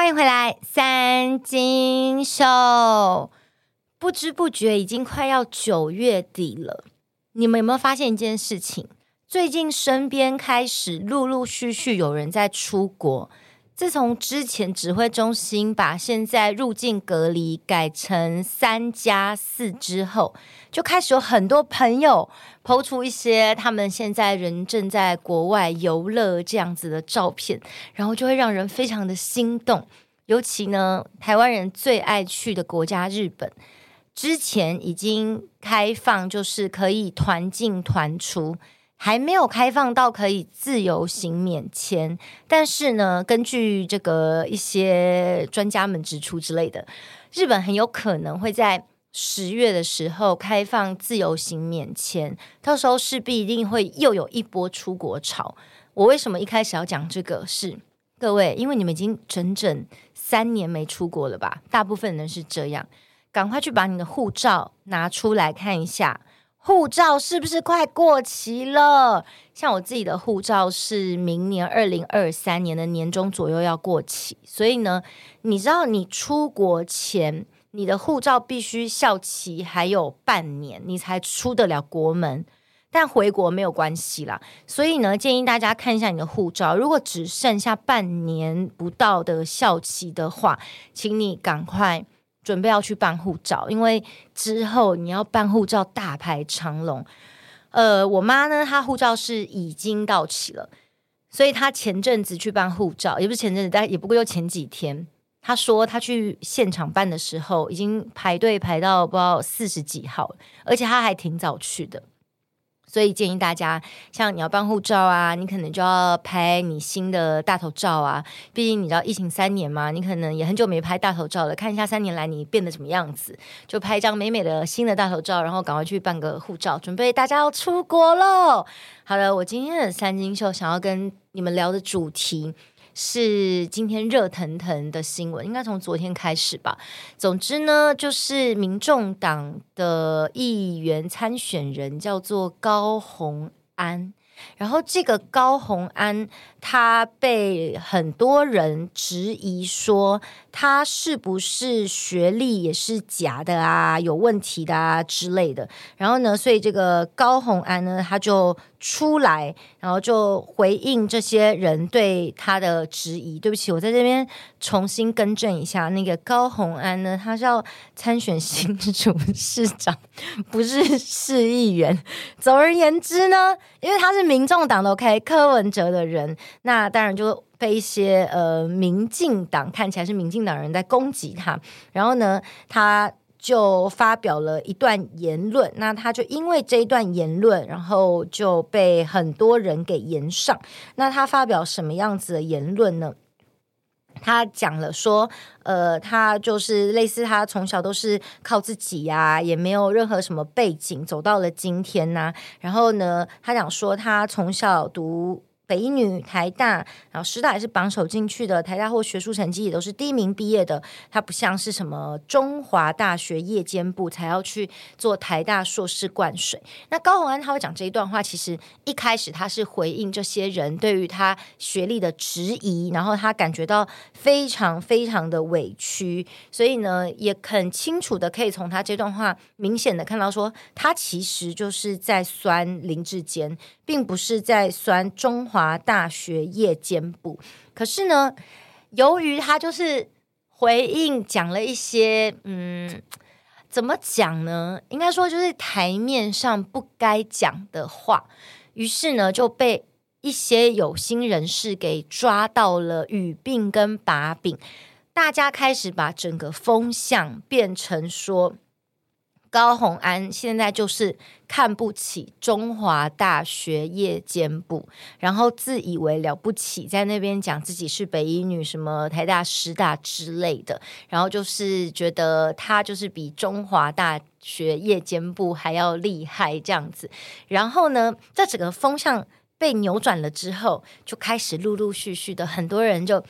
歡迎回來，三金秀。不知不覺已經快要九月底了，你們有沒有發現一件事情？最近身邊開始陸陸續續有人在出國。自從之前指揮中心把現在入境隔離改成三加四之後，就開始有很多朋友拋出一些他們現在人正在國外遊樂這樣子的照片，然後就會讓人非常的心動。尤其呢，台灣人最愛去的國家日本，之前已經開放就是可以團進團出，還沒有開放到可以自由行免簽。但是呢，根據這個一些專家們指出之類的，日本很有可能會在。十月的時候開放自由行免簽，到時候勢必一定會又有一波出國潮。我為什麼一開始要講這個？是各位，因為你們已經整整三年沒出國了吧？大部分人是這樣，趕快去把你的護照拿出來看一下，護照是不是快過期了？像我自己的護照是明年2023年的年中左右要過期，所以呢，你知道你出國前。你的護照必須效期還有半年，你才出得了國門。但回國沒有關係啦，所以呢，建議大家看一下你的護照。如果只剩下半年不到的效期的話，請你趕快準備要去辦護照，因為之後你要辦護照大排長龍。呃，我媽呢，她護照是已經到期了，所以她前陣子去辦護照，也不是前陣子，但也不過就前幾天。他說，他去現場辦的時候，已經排隊排到不知道四十幾號，而且他還挺早去的。所以建議大家，像你要辦護照啊，你可能就要拍你新的大頭照啊。畢竟你知道疫情三年嘛，你可能也很久沒拍大頭照了，看一下三年來你變得什麼樣子，就拍一張美美的新的大頭照，然後趕快去辦個護照，準備大家要出國嘍。好了，我今天的三金秀想要跟你們聊的主題。是今天熱騰騰的新聞，應該從昨天開始吧。總之呢，就是民眾黨的議員參選人叫做高虹安，然後這個高虹安。他被很多人質疑說他是不是學歷也是假的啊，有問題的啊之類的。然後呢，所以這個高虹安呢，他就出來，然後就回應這些人對他的質疑。對不起，我在這邊重新更正一下，那個高虹安呢，他是要參選新竹市長，不是市議員。總而言之呢，因為他是民眾黨的 K、OK？柯文哲的人。那當然就被一些呃，民進黨看起來是民進黨人在攻擊他，然後呢，他就發表了一段言論，那他就因為這一段言論，然後就被很多人給炎上。那他發表什麼樣子的言論呢？他講了說，呃，他就是類似他從小都是靠自己呀，啊，也沒有任何什麼背景，走到了今天吶，啊。然後呢，他講說他從小讀北女、台大，然後師大也是榜首進去的。台大或學術成績也都是第一名畢業的。他不像是什麼中華大學夜間部才要去做台大碩士灌水。那高虹安他會講這一段話，其實一開始他是回應這些人對於他學歷的質疑，然後他感覺到非常非常的委屈，所以呢，也很清楚的可以從他這段話明顯的看到，說他其實就是在酸林智堅，並不是在酸中華。華大學夜間部，可是呢，由於他就是回應講了一些，嗯，怎麼講呢？應該說就是台面上不該講的話，於是呢，就被一些有心人士給抓到了語病跟把柄，大家開始把整個風向變成說。高虹安現在就是看不起中華大學夜間部，然後自以為了不起，在那邊講自己是北一女、什麼台大師大之類的，然後就是覺得他就是比中華大學夜間部還要厲害這樣子。然後呢，在整個風向被扭轉了之後，就開始陸陸續續的很多人就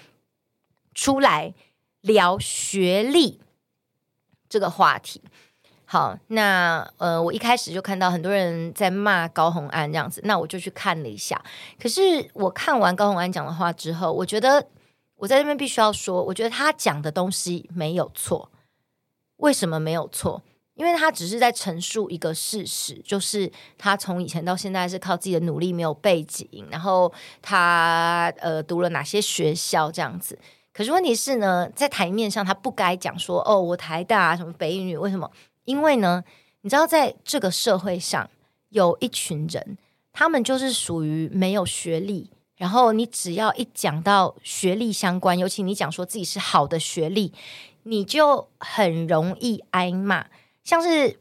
出來聊學歷這個話題。好，那呃，我一開始就看到很多人在罵高虹安這樣子，那我就去看了一下。可是我看完高虹安講的話之後，我覺得我在這邊必須要說，我覺得他講的東西沒有錯。為什麼沒有錯？因為他只是在陳述一個事實，就是他從以前到現在是靠自己的努力，沒有背景，然後他呃讀了哪些學校這樣子。可是問題是呢，在台面上他不該講說哦，我台大、啊、什麼北一女為什麼？因為呢，你知道，在這個社會上有一群人，他們就是屬於沒有學歷。然後你只要一講到學歷相關，尤其你講說自己是好的學歷，你就很容易挨罵。像是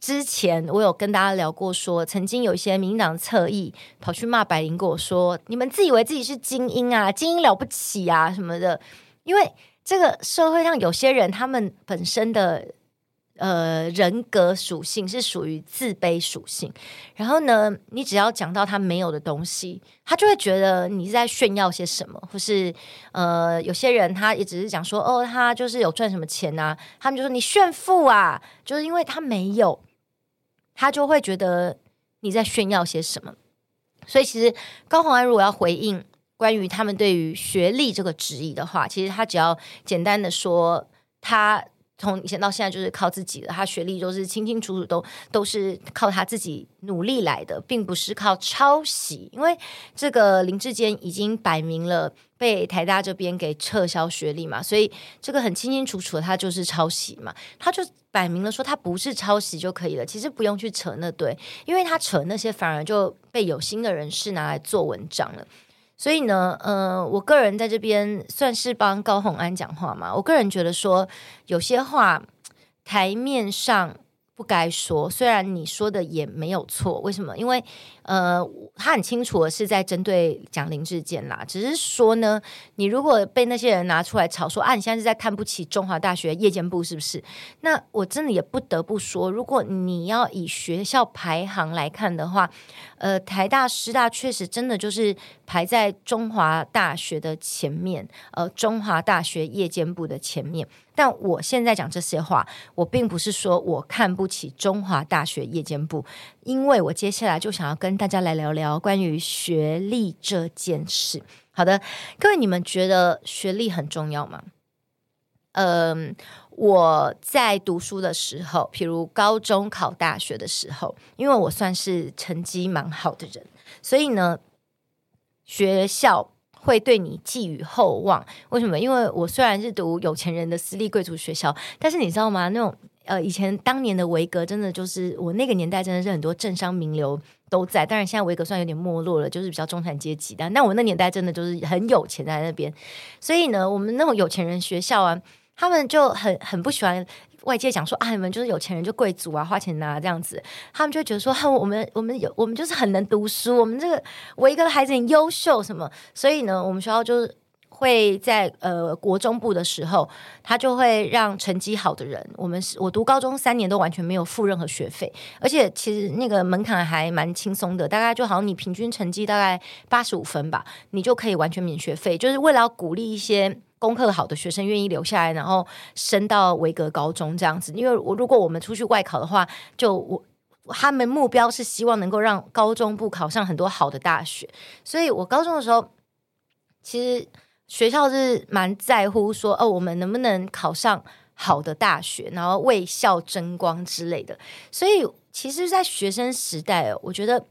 之前我有跟大家聊過說，說曾經有一些民進黨側翼跑去罵百靈，跟我說：“你們自以為自己是精英啊，精英了不起啊什麼的。”因為這個社會上有些人，他們本身的。呃，人格屬性是屬於自卑屬性。然後呢，你只要講到他沒有的東西，他就會覺得你在炫耀些什麼，或是呃，有些人他也只是講說，哦，他就是有賺什麼錢啊，他們就說你炫富啊，就是因為他沒有，他就會覺得你在炫耀些什麼。所以，其實高虹安如果要回應關於他們對於學歷這個質疑的話，其實他只要簡單的說他。從以前到現在就是靠自己的，他學歷都是清清楚楚都，都都是靠他自己努力來的，並不是靠抄襲。因為這個林志堅已經擺明了被台大這邊給撤銷學歷嘛，所以這個很清清楚楚的，他就是抄襲嘛，他就擺明了說他不是抄襲就可以了，其實不用去扯那堆，因為他扯那些反而就被有心的人士拿來做文章了。所以呢，呃，我個人在這邊算是幫高虹安講話嘛。我個人覺得說，有些話台面上不該說，雖然你說的也沒有錯，為什麼？因為，呃，他很清楚的是在針對講林智堅啦。只是說呢，你如果被那些人拿出來吵，說，啊，你現在是在看不起中華大學夜間部，是不是？那我真的也不得不說，如果你要以學校排行來看的話，呃，台大、師大確實真的就是排在中華大學的前面，呃，中華大學夜間部的前面。但我現在講這些話，我並不是說我看不起中華大學夜間部，因為我接下來就想要跟大家來聊聊關於學歷這件事。好的，各位，你們覺得學歷很重要嗎？嗯，我在讀書的時候，譬如高中考大學的時候，因為我算是成績蠻好的人，所以呢，學校。會對你寄予厚望，為什麼？因為我雖然是讀有錢人的私立貴族學校，但是你知道嗎？那種呃，以前當年的維格，真的就是我那個年代，真的是很多政商名流都在。當然，現在維格算有點沒落了，就是比較中產階級的。那我那年代真的就是很有錢在那邊，所以呢，我們那種有錢人學校啊，他們就很很不喜歡。外界講說啊，你們就是有錢人，就貴族啊，花錢吶、啊，這樣子，他們就覺得說，我們我們有我們就是很能讀書，我們這個我一個孩子很優秀什麼，所以呢，我們學校就是會在呃國中部的時候，他就會讓成績好的人，我們是我讀高中三年都完全沒有付任何學費，而且其實那個門檻還蠻輕鬆的，大概就好像你平均成績大概八十五分吧，你就可以完全免學費，就是為了要鼓勵一些。功課好的學生願意留下來，然後升到維格高中這樣子。因為我如果我們出去外考的話，就我他們目標是希望能夠讓高中部考上很多好的大學。所以，我高中的時候，其實學校是蠻在乎說，哦，我們能不能考上好的大學，然後為校爭光之類的。所以，其實，在學生時代哦，我覺得。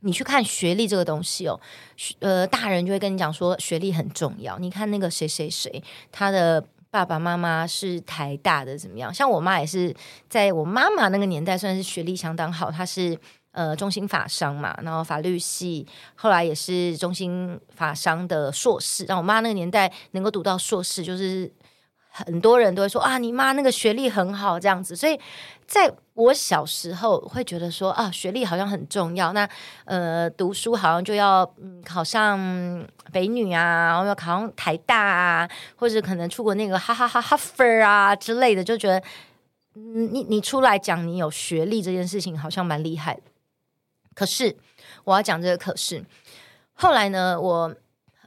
你去看學歷這個東西哦，呃，大人就會跟你講說學歷很重要。你看那個誰誰誰，他的爸爸媽媽是台大的怎麼樣？像我媽也是，在我媽媽那個年代算是學歷相當好，她是呃中興法商嘛，然後法律系，後來也是中興法商的碩士。然後我媽那個年代能夠讀到碩士，就是很多人都會說啊，你媽那個學歷很好，這樣子，所以。在我小時候會覺得說啊，學歷好像很重要。那呃，讀書好像就要、嗯、考上北女啊，然後要考上台大啊，或者可能出國那個哈哈哈哈佛、er、啊之類的，就覺得你你出來講你有學歷這件事情好像蠻厲害。可是我要講這個，可是後來呢，我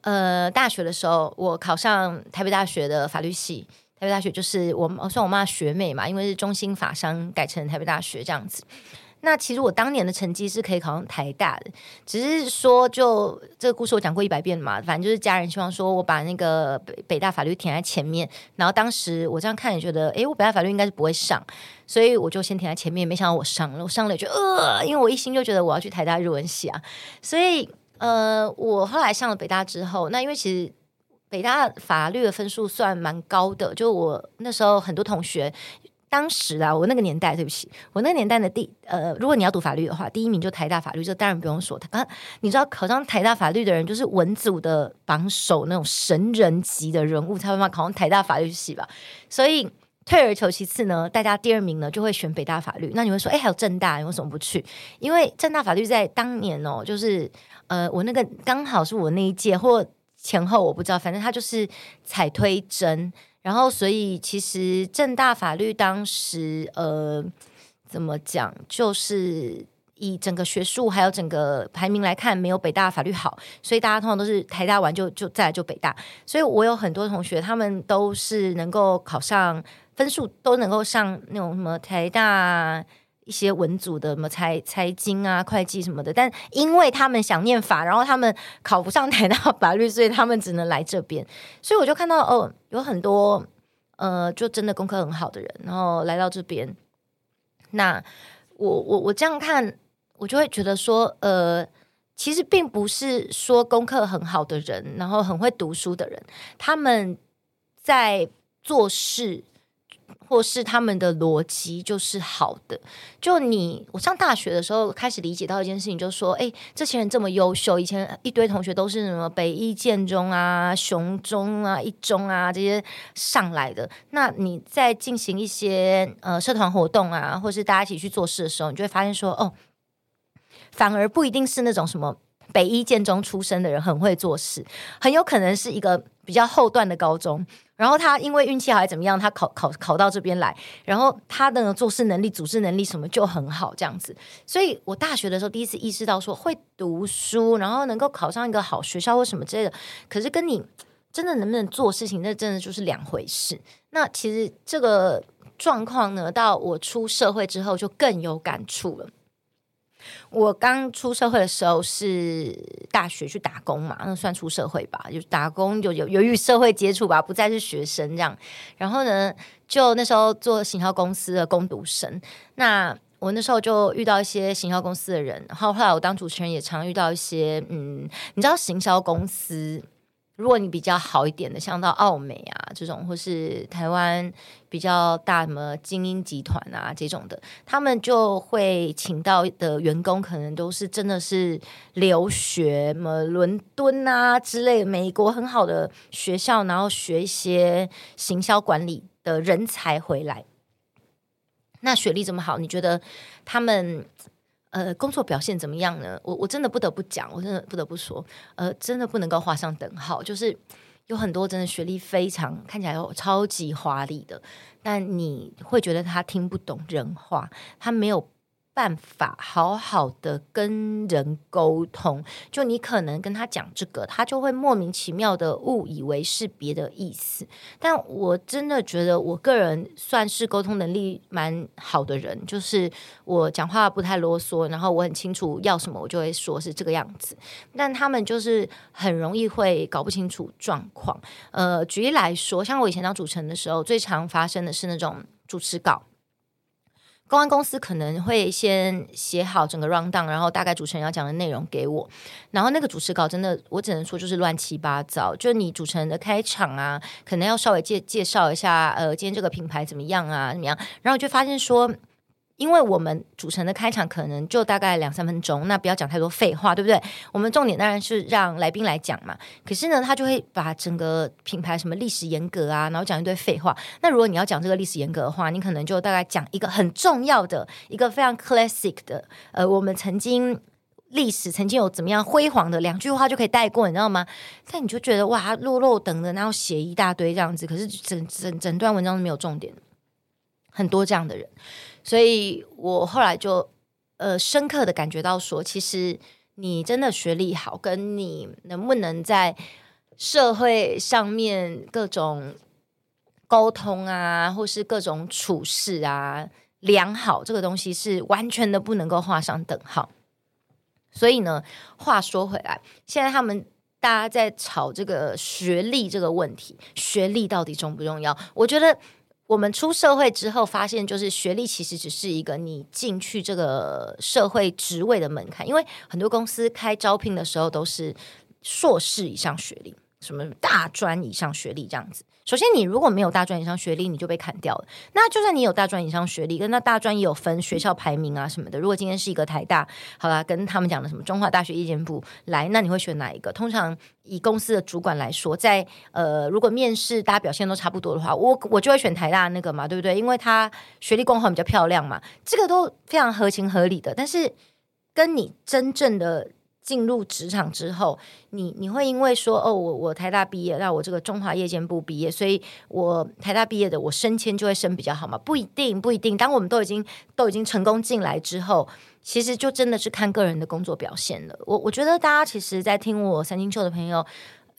呃大學的時候，我考上台北大學的法律系。台北大學就是我算我媽的學妹嘛，因為是中心法商改成台北大學這樣子。那其實我當年的成績是可以考上台大的，只是說就這個故事我講過一百遍嘛，反正就是家人希望說我把那個北北大法律填在前面。然後當時我這樣看也覺得，誒、欸，我北大法律應該是不會上，所以我就先填在前面。沒想到我上了，我上了就呃，因為我一心就覺得我要去台大日文系啊，所以呃，我後來上了北大之後，那因為其實。北大法律的分數算蠻高的，就我那時候很多同學，當時啊，我那個年代，對不起，我那個年代的第呃，如果你要讀法律的話，第一名就台大法律，這當然不用說。他、啊，你知道考上台大法律的人，就是文組的榜首那種神人級的人物，才會嘛考上台大法律系吧。所以退而求其次呢，大家第二名呢就會選北大法律。那你會說，誒，還有政大，你為什麼不去？因為政大法律在當年哦，就是呃，我那個剛好是我那一屆或。前後我不知道，反正他就是採推真。然後所以其實正大法律當時呃，怎麼講，就是以整個學術還有整個排名來看，沒有北大法律好，所以大家通常都是台大完就就再來就北大，所以我有很多同學他們都是能夠考上分數都能夠上那種什麼台大。一些文組的什麼財財經啊、會計什麼的，但因為他們想念法，然後他們考不上台大法律，所以他們只能來這邊。所以我就看到哦，有很多呃，就真的功課很好的人，然後來到這邊。那我我我這樣看，我就會覺得說，呃，其實並不是說功課很好的人，然後很會讀書的人，他們在做事或是他們的邏輯就是好的。就你，我上大學的時候開始理解到一件事情，就是說，哎，這些人這麼優秀。以前一堆同學都是什麼北一建中啊、雄中啊、一中啊這些上來的。那你在進行一些呃社團活動啊，或是大家一起去做事的時候，你就會發現說，哦，反而不一定是那種什麼。北一建中出身的人很會做事，很有可能是一個比較後段的高中。然後他因為運氣好還怎麼樣，他考考考到這邊來，然後他的做事能力、組織能力什麼就很好，這樣子。所以我大學的時候第一次意識到，說會讀書，然後能夠考上一個好學校或什麼之類的。可是跟你真的能不能做事情，那真的就是兩回事。那其實這個狀況呢，到我出社會之後就更有感觸了。我剛出社會的時候是大學去打工嘛，那算出社會吧，就打工有有有與社會接觸吧，不再是學生這樣。然後呢，就那時候做行銷公司的工讀生，那我那時候就遇到一些行銷公司的人，然後後來我當主持人也常遇到一些，嗯，你知道行銷公司。如果你比較好一點的，像到奧美啊這種，或是台灣比較大什麼精英集團啊這種的，他們就會請到的員工，可能都是真的是留學什麼倫敦啊之類美國很好的學校，然後學一些行銷管理的人才回來。那學歷這麼好，你覺得他們？呃，工作表現怎麼樣呢？我我真的不得不講，我真的不得不說，呃，真的不能夠畫上等號。就是有很多真的學歷非常看起來超級華麗的，但你會覺得他聽不懂人話，他沒有。辦法好好的跟人溝通，就你可能跟他講這個，他就會莫名其妙的誤以為是別的意思。但我真的覺得我個人算是溝通能力蠻好的人，就是我講話不太囉嗦，然後我很清楚要什麼，我就會說是這個樣子。但他們就是很容易會搞不清楚狀況。呃，舉例來說，像我以前當主持人的時候，最常發生的是那種主持稿。公關公司可能會先寫好整個 rundown，然後大概主持人要講的內容給我，然後那個主持稿真的，我只能說就是亂七八糟，就你主持人的開場啊，可能要稍微介介紹一下，呃，今天這個品牌怎麼樣啊，怎麼樣，然後我就發現說。因為我們主持人的開場可能就大概兩三分鐘，那不要講太多廢話，對不對？我們重點當然是讓來賓來講嘛。可是呢，他就會把整個品牌什麼歷史沿革啊，然後講一堆廢話。那如果你要講這個歷史沿革的話，你可能就大概講一個很重要的、一個非常 classic 的，呃，我們曾經歷史曾經有怎麼樣輝煌的兩句話就可以帶過，你知道嗎？但你就覺得哇，他落落等等，然後寫一大堆這樣子，可是整整整段文章都沒有重點。很多這樣的人。所以我後來就，呃，深刻的感覺到說，其實你真的學歷好，跟你能不能在社會上面各種溝通啊，或是各種處事啊，良好這個東西是完全的不能夠畫上等號。所以呢，話說回來，現在他們大家在吵這個學歷這個問題，學歷到底重不重要？我覺得。我們出社會之後發現，就是學歷其實只是一個你進去這個社會職位的門檻，因為很多公司開招聘的時候都是碩士以上學歷。什麼大專以上學歷這樣子？首先，你如果沒有大專以上學歷，你就被砍掉了。那就算你有大專以上學歷，跟那大專也有分學校排名啊什麼的。如果今天是一個台大，好啦、啊、跟他們講的什麼中華大學夜間部，來，那你會選哪一個？通常以公司的主管來說，在呃，如果面試大家表現都差不多的話，我我就會選台大那個嘛，對不對？因為他學歷光環比較漂亮嘛，這個都非常合情合理的。但是跟你真正的。進入職場之後，你你會因為說哦，我我台大畢業，那我這個中華夜間部畢業，所以我台大畢業的我升遷就會升比較好嘛？不一定，不一定。當我們都已經都已經成功進來之後，其實就真的是看個人的工作表現了。我我覺得大家其實，在聽我三星秀的朋友，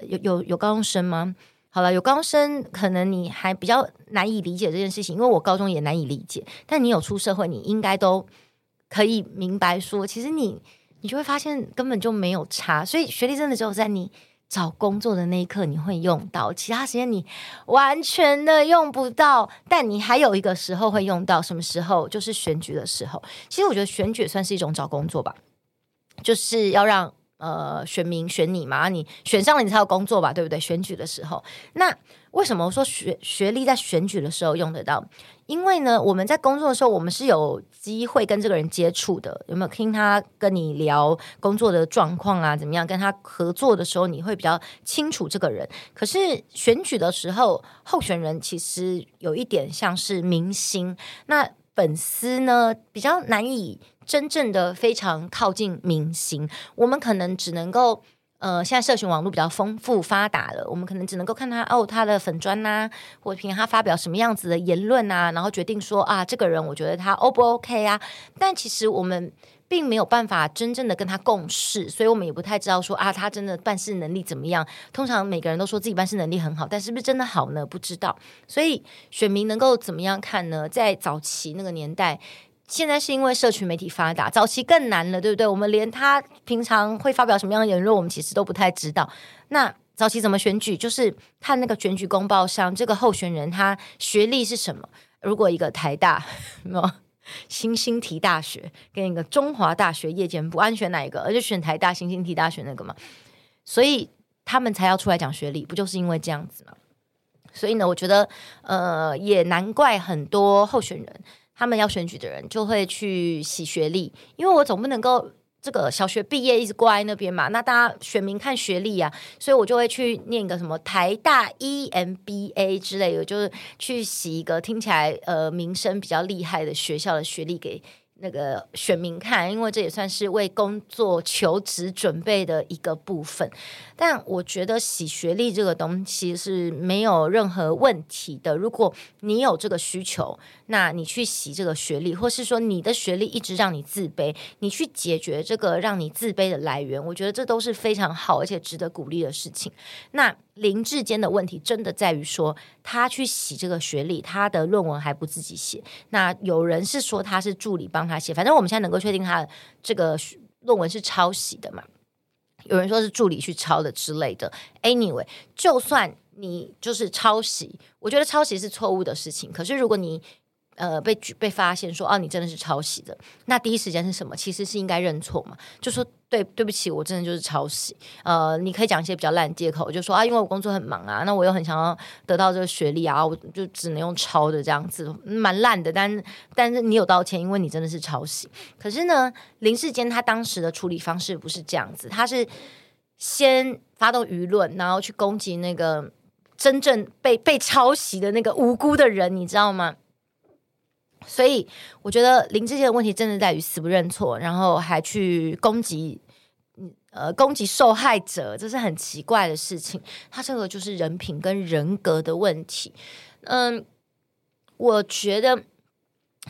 有有有高中生嗎？好了，有高中生可能你還比較難以理解這件事情，因為我高中也難以理解。但你有出社會，你應該都可以明白說，其實你。你就會發現根本就沒有差，所以學歷真的只有在你找工作的那一刻你會用到，其他時間你完全的用不到。但你還有一個時候會用到，什麼時候？就是選舉的時候。其實我覺得選舉算是一種找工作吧，就是要讓。呃，選民選你嘛？你選上了，你才有工作吧？對不對？選舉的時候，那為什麼我說學學歷在選舉的時候用得到？因為呢，我們在工作的時候，我們是有機會跟這個人接觸的。有沒有聽他跟你聊工作的狀況啊？怎麼樣？跟他合作的時候，你會比較清楚這個人。可是選舉的時候，候選人其實有一點像是明星，那粉絲呢比較難以。真正的非常靠近明星，我們可能只能夠，呃，現在社群網絡比較豐富發達了，我們可能只能夠看他哦，他的粉專啊，或者憑他發表什麼樣子的言論啊，然後決定說啊，這個人我覺得他 O 不 OK 啊？但其實我們並沒有辦法真正的跟他共事，所以我們也不太知道說啊，他真的辦事能力怎麼樣？通常每個人都說自己辦事能力很好，但是不是真的好呢？不知道，所以選民能夠怎麼樣看呢？在早期那個年代。現在是因為社群媒體發達，早期更難了，對不對？我們連他平常會發表什麼樣的言論，我們其實都不太知道。那早期怎麼選舉？就是看那個選舉公報上，這個候選人他學歷是什麼？如果一個台大什麼新興體大學跟一個中華大學，夜間不安選哪一個？而且選台大新興體大學那個嘛，所以他們才要出來講學歷，不就是因為這樣子嗎？所以呢，我覺得呃，也難怪很多候選人。他們要選舉的人就會去洗學歷，因為我總不能夠這個小學畢業一直掛在那邊嘛。那大家選民看學歷啊，所以我就會去念個什麼台大 EMBA 之類的，我就是去洗一個聽起來呃名聲比較厲害的學校的學歷給那個選民看，因為這也算是為工作求職準備的一個部分。但我覺得洗學歷這個東西是沒有任何問題的。如果你有這個需求，那你去洗這個學歷，或是說你的學歷一直讓你自卑，你去解決這個讓你自卑的來源，我覺得這都是非常好而且值得鼓勵的事情。那林智堅的問題真的在於說，他去洗這個學歷，他的論文還不自己寫。那有人是說他是助理幫他寫，反正我們現在能夠確定他這個論文是抄襲的嘛。有人說是助理去抄的之類的，Anyway，就算你就是抄襲，我覺得抄襲是錯誤的事情，可是如果你，呃，被舉被發現說啊，你真的是抄襲的。那第一時間是什麼？其實是應該認錯嘛，就說對對不起，我真的就是抄襲。呃，你可以講一些比較爛的借口，就說啊，因為我工作很忙啊，那我又很想要得到這個學歷啊，我就只能用抄的這樣子，蠻爛的。但但是你有道歉，因為你真的是抄襲。可是呢，林智堅他當時的處理方式不是這樣子，他是先發動輿論，然後去攻擊那個真正被被抄襲的那個無辜的人，你知道嗎？所以我覺得林智堅的問題真的在於死不認錯，然後還去攻擊，呃，攻擊受害者，這是很奇怪的事情。他這個就是人品跟人格的問題。嗯，我覺得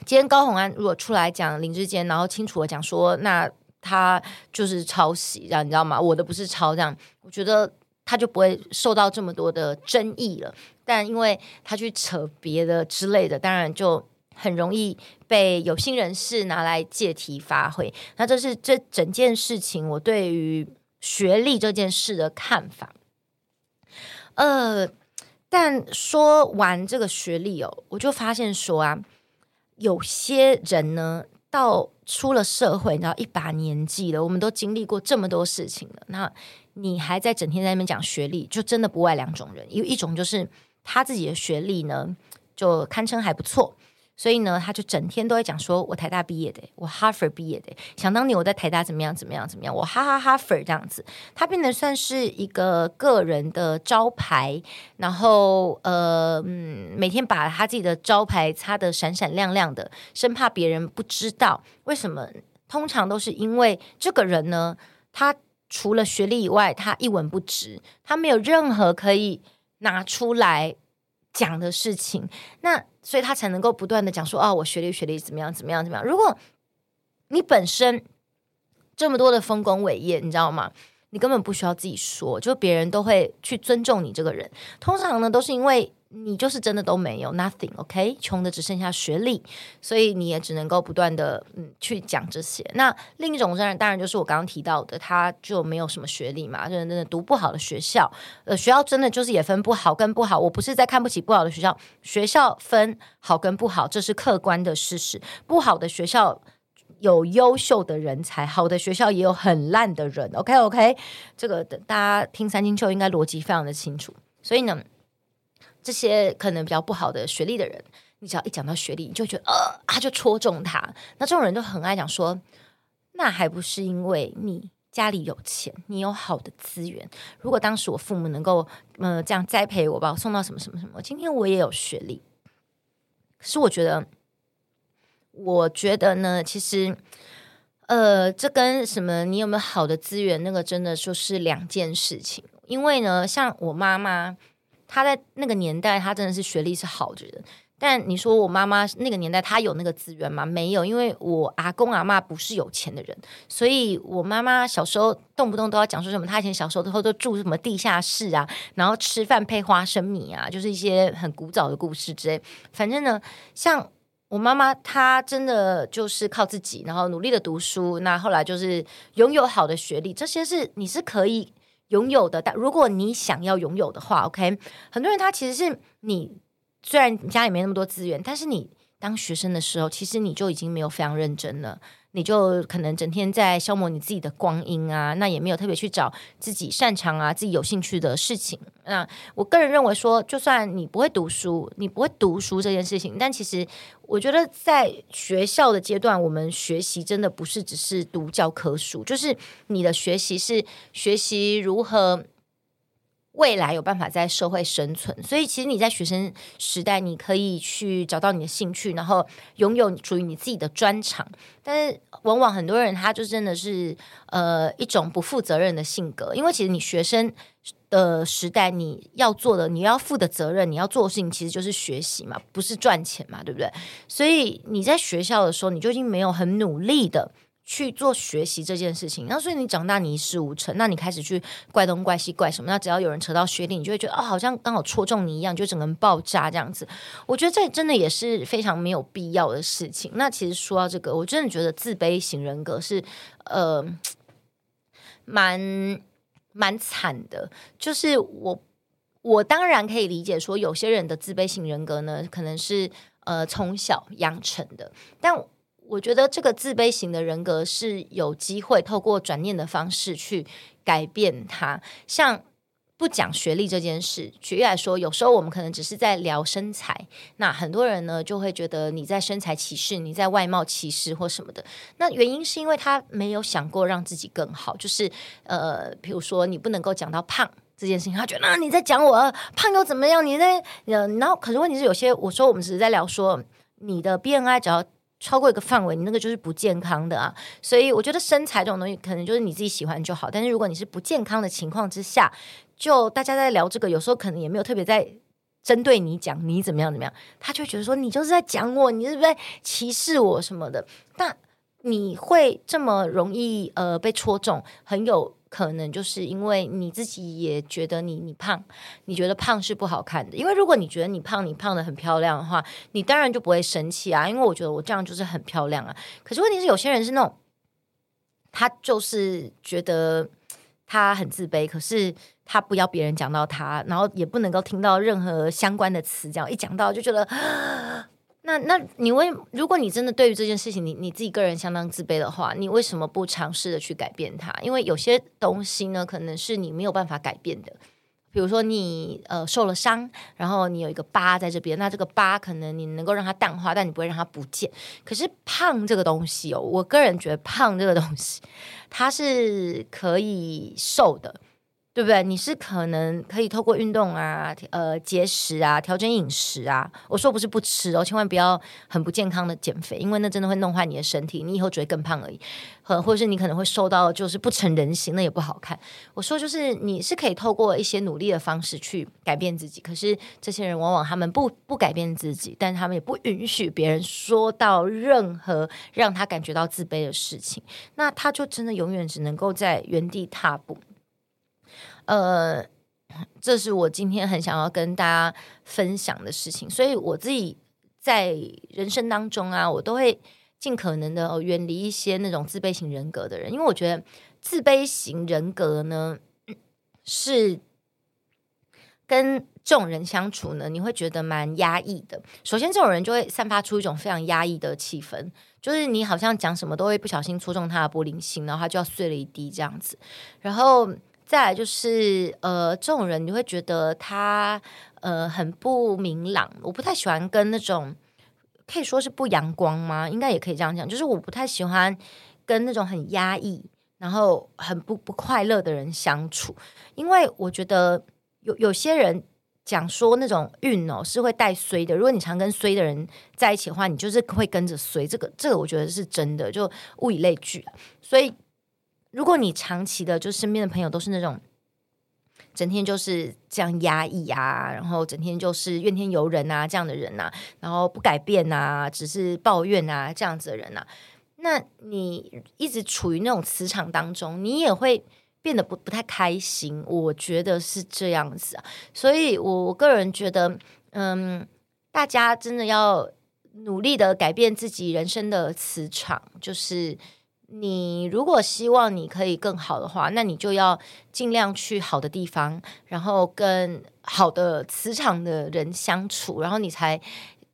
今天高虹安如果出來講林智堅，然後清楚的講說，那他就是抄襲這樣，你知道嗎？我的不是抄這樣，我覺得他就不會受到這麼多的爭議了。但因為他去扯別的之類的，當然就。很容易被有心人士拿來借題發揮，那這是這整件事情我對於學歷這件事的看法。呃，但說完這個學歷哦，我就發現說啊，有些人呢，到出了社會，然後一把年紀了，我們都經歷過這麼多事情了，那你還在整天在那邊講學歷，就真的不外兩種人，因為一種就是他自己的學歷呢，就堪稱還不錯。所以呢，他就整天都在講說：“我台大畢業的，我哈佛畢業的。想當年我在台大怎麼樣怎麼樣怎麼樣，我哈哈哈佛這樣子，他變得算是一個個人的招牌。然後呃、嗯，每天把他自己的招牌擦得閃閃亮亮的，生怕別人不知道。為什麼？通常都是因為這個人呢，他除了學歷以外，他一文不值，他沒有任何可以拿出來。”講的事情，那所以他才能夠不斷的講說啊、哦，我學歷學歷怎麼樣怎麼樣怎麼樣。如果你本身這麼多的豐功偉業，你知道嗎？你根本不需要自己說，就別人都會去尊重你這個人。通常呢，都是因為。你就是真的都沒有 nothing，OK，okay？窮的只剩下學歷，所以你也只能夠不斷的嗯去講這些。那另一種當然當然就是我剛剛提到的，他就沒有什麼學歷嘛，就是真的讀不好的學校，呃，學校真的就是也分不好跟不好。我不是在看不起不好的學校，學校分好跟不好這是客觀的事實。不好的學校有優秀的人才，好的學校也有很爛的人。OK OK，這個大家聽三金秋應該邏輯非常的清楚，所以呢。這些可能比較不好的學歷的人，你只要一講到學歷，你就覺得呃，他就戳中他。那這種人都很愛講說，那還不是因為你家裡有錢，你有好的資源？如果當時我父母能夠嗯、呃、這樣栽培我，把我送到什麼什麼什麼，今天我也有學歷。可是我覺得，我覺得呢，其實，呃，這跟什麼你有沒有好的資源，那個真的就是兩件事情。因為呢，像我媽媽。他在那個年代，他真的是學歷是好的人。但你說我媽媽那個年代，她有那個資源嗎？沒有，因為我阿公阿嬤不是有錢的人，所以我媽媽小時候動不動都要講說什麼。她以前小時候都都住什麼地下室啊，然後吃飯配花生米啊，就是一些很古早的故事之類。反正呢，像我媽媽，她真的就是靠自己，然後努力的讀書，那後來就是擁有好的學歷，這些是你是可以。擁有的，但如果你想要擁有的話，OK，很多人他其實是你，雖然你家裡沒那麼多資源，但是你當學生的時候，其實你就已經沒有非常認真了。你就可能整天在消磨你自己的光陰啊，那也沒有特別去找自己擅長啊、自己有興趣的事情啊。那我個人認為說，就算你不會讀書，你不會讀書這件事情，但其實我覺得在學校的階段，我們學習真的不是只是讀教科書，就是你的學習是學習如何。未來有辦法在社會生存，所以其實你在學生時代，你可以去找到你的興趣，然後擁有屬於你自己的專長。但是往往很多人，他就真的是呃一種不負責任的性格，因為其實你學生的時代，你要做的，你要負的責任，你要做的事情，其實就是學習嘛，不是賺錢嘛，對不對？所以你在學校的時候，你就已經沒有很努力的。去做學習這件事情，那所以你長大你一事無成，那你開始去怪東怪西怪什麼？那只要有人扯到學歷，你就會覺得哦，好像剛好戳中你一樣，就整個人爆炸這樣子。我覺得這真的也是非常沒有必要的事情。那其實說到這個，我真的覺得自卑型人格是呃蠻蠻慘的。就是我我當然可以理解說，有些人的自卑型人格呢，可能是呃從小養成的，但。我覺得這個自卑型的人格是有機會透過轉念的方式去改變他。像不講學歷這件事，舉例來說，有時候我們可能只是在聊身材，那很多人呢就會覺得你在身材歧視，你在外貌歧視或什麼的。那原因是因為他沒有想過讓自己更好，就是呃，比如說你不能夠講到胖這件事情，他覺得啊你在講我、啊、胖又怎麼樣？你在呃、嗯，然後可是問題是有些我說我們只是在聊說你的 BMI 只要超過一個範圍，你那個就是不健康的啊！所以我覺得身材這種東西，可能就是你自己喜歡就好。但是如果你是不健康的情況之下，就大家在聊這個，有時候可能也沒有特別在針對你講你怎麼樣怎麼樣，他就覺得說你就是在講我，你是不是在歧視我什麼的？那你會這麼容易呃被戳中，很有。可能就是因為你自己也覺得你你胖，你覺得胖是不好看的。因為如果你覺得你胖，你胖得很漂亮的話，你當然就不會生氣啊。因為我覺得我這樣就是很漂亮啊。可是問題是有些人是那種，他就是覺得他很自卑，可是他不要別人講到他，然後也不能夠聽到任何相關的詞，這樣一講到就覺得。那那，那你為如果你真的對於這件事情，你你自己個人相當自卑的話，你為什麼不嘗試著去改變它？因為有些東西呢，可能是你沒有辦法改變的。比如說你呃受了傷，然後你有一個疤在這邊，那這個疤可能你能夠讓它淡化，但你不會讓它不見。可是胖這個東西哦，我個人覺得胖這個東西，它是可以瘦的。對不對？你是可能可以透過運動啊，呃，節食啊，調整飲食啊。我說不是不吃哦，千萬不要很不健康的減肥，因為那真的會弄壞你的身體，你以後只會更胖而已，和或者是你可能會瘦到就是不成人形，那也不好看。我說就是你是可以透過一些努力的方式去改變自己，可是這些人往往他們不不改變自己，但他們也不允許別人說到任何讓他感覺到自卑的事情，那他就真的永遠只能夠在原地踏步。呃，這是我今天很想要跟大家分享的事情。所以我自己在人生當中啊，我都會盡可能的遠離一些那種自卑型人格的人，因為我覺得自卑型人格呢是跟這種人相處呢，你會覺得蠻壓抑的。首先，這種人就會散發出一種非常壓抑的氣氛，就是你好像講什麼都會不小心戳中他的玻璃心，然後他就要碎了一地這樣子，然後。再來就是呃，這種人你會覺得他呃很不明朗，我不太喜歡跟那種可以說是不陽光嗎？應該也可以這樣講，就是我不太喜歡跟那種很壓抑，然後很不不快樂的人相處，因為我覺得有有些人講說那種運喔，是會帶衰的，如果你常跟衰的人在一起的話，你就是會跟着衰。這個這個我覺得是真的，就物以類聚，所以。如果你長期的就身邊的朋友都是那種整天就是這樣壓抑啊，然後整天就是怨天尤人啊這樣的人吶，然後不改變啊，只是抱怨啊這樣子的人吶，那你一直處於那種磁場當中，你也會變得不不太開心。我覺得是這樣子啊，所以我我個人覺得，嗯，大家真的要努力的改變自己人生的磁場，就是。你如果希望你可以更好的話，那你就要盡量去好的地方，然後跟好的磁場的人相處，然後你才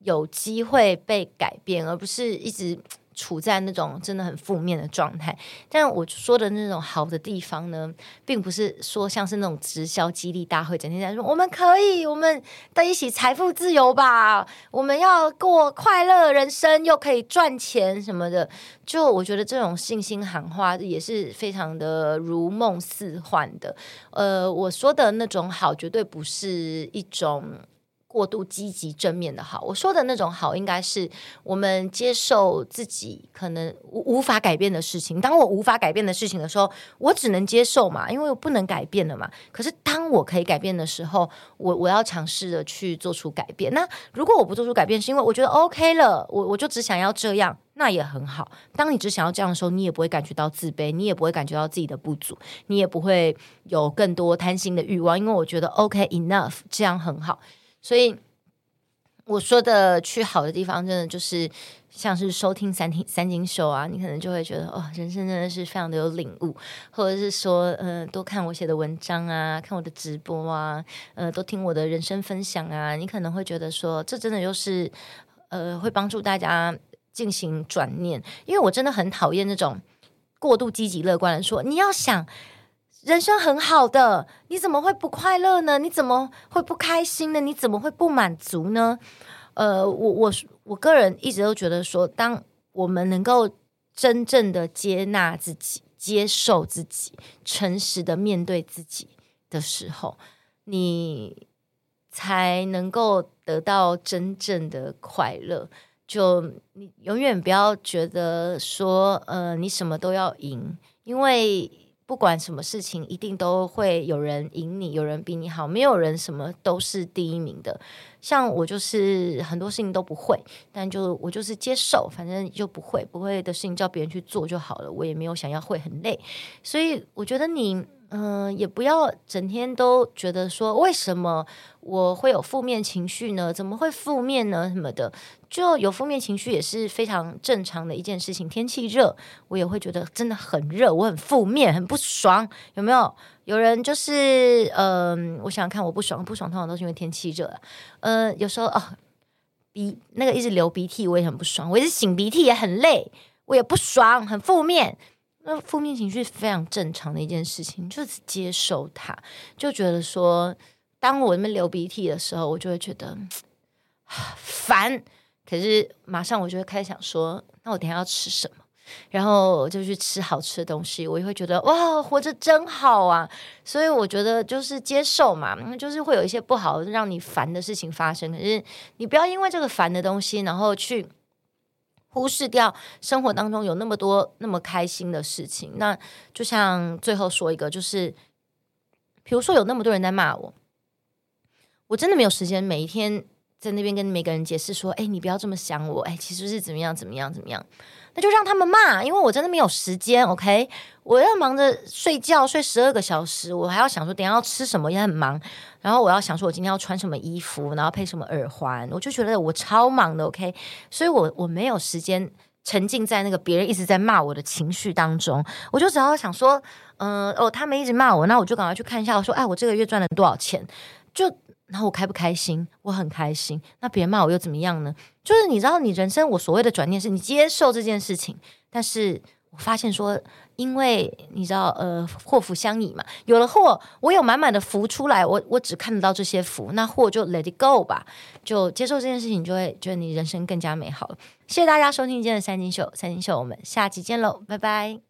有機會被改變，而不是一直。處在那種真的很負面的狀態，但我說的那種好的地方呢，並不是說像是那種直銷激勵大會，整天在說我們可以，我們在一起財富自由吧，我們要過快樂人生，又可以賺錢什麼的，就我覺得這種信心喊話也是非常的如夢似幻的。呃，我說的那種好，絕對不是一種。.過度積極正面的好，我說的那種好，應該是我們接受自己可能無，無法改變的事情。當我無法改變的事情的時候，我只能接受嘛，因為我不能改變了嘛。可是當我可以改變的時候，我我要嘗試著去做出改變。那如果我不做出改變，是因為我覺得 OK 了，我我就只想要這樣，那也很好。當你只想要這樣的時候，你也不會感覺到自卑，你也不會感覺到自己的不足，你也不會有更多貪心的欲望，因為我覺得 OK enough，這樣很好。所以我說的去好的地方，真的就是像是收聽三《三聽三金秀》啊，你可能就會覺得哦，人生真的是非常的有領悟，或者是說，呃，多看我寫的文章啊，看我的直播啊，呃，多聽我的人生分享啊，你可能會覺得說，這真的就是呃，會幫助大家進行轉念，因為我真的很討厭那種過度積極樂觀的說，你要想。人生很好的，你怎麼會不快樂呢？你怎麼會不開心呢？你怎麼會不滿足呢？呃，我我我個人一直都覺得說，當我們能夠真正的接納自己、接受自己、誠實的面對自己的時候，你才能夠得到真正的快樂。就你永遠不要覺得說，呃，你什麼都要贏，因為。不管什麼事情，一定都會有人贏你，有人比你好，沒有人什麼都是第一名的。像我就是很多事情都不會，但就我就是接受，反正就不會不會的事情叫別人去做就好了。我也沒有想要會很累，所以我覺得你。嗯、呃，也不要整天都覺得說為什麼我會有負面情緒呢？怎麼會負面呢？什麼的，就有負面情緒也是非常正常的一件事情。天氣熱，我也會覺得真的很熱，我很負面，很不爽，有沒有？有人就是，嗯、呃，我想看，我不爽，不爽，通常都是因為天氣熱啊。嗯、呃，有時候哦，鼻那個一直流鼻涕，我也很不爽，我一直擤鼻涕也很累，我也不爽，很負面。那負面情緒非常正常的一件事情，就是接受它，就覺得說，當我在那邊流鼻涕的時候，我就會覺得煩。可是馬上我就會開始想說，那我等下要吃什麼？然後我就去吃好吃的東西，我就會覺得哇，活着真好啊！所以我覺得就是接受嘛，就是會有一些不好讓你煩的事情發生。可是你不要因為這個煩的東西，然後去。忽視掉生活當中有那麼多那麼開心的事情，那就像最後說一個，就是比如說有那麼多人在罵我，我真的沒有時間每一天。在那邊跟每個人解釋說：“哎、欸，你不要這麼想我，哎、欸，其實是怎麼樣怎麼樣怎麼樣，那就讓他們罵，因為我真的沒有時間，OK？我要忙着睡覺，睡十二個小時，我還要想說等一下要吃什麼，也很忙。然後我要想說我今天要穿什麼衣服，然後配什麼耳環，我就覺得我超忙的，OK？所以我我沒有時間沉浸在那個別人一直在罵我的情緒當中，我就只要想說，嗯、呃，哦，他們一直罵我，那我就趕快去看一下，我說，哎，我這個月賺了多少錢，就。”然後我開不開心？我很開心。那別人罵我又怎麼樣呢？就是你知道，你人生我所謂的轉念是，你接受這件事情。但是我發現說，因為你知道，呃，禍福相倚嘛，有了禍，我有滿滿的福出來，我我只看得到這些福，那禍就 let it go 吧，就接受這件事情，你就會覺得你人生更加美好了。謝謝大家收聽今天的《三金秀》，《三金秀》我們下期見嘍，拜拜。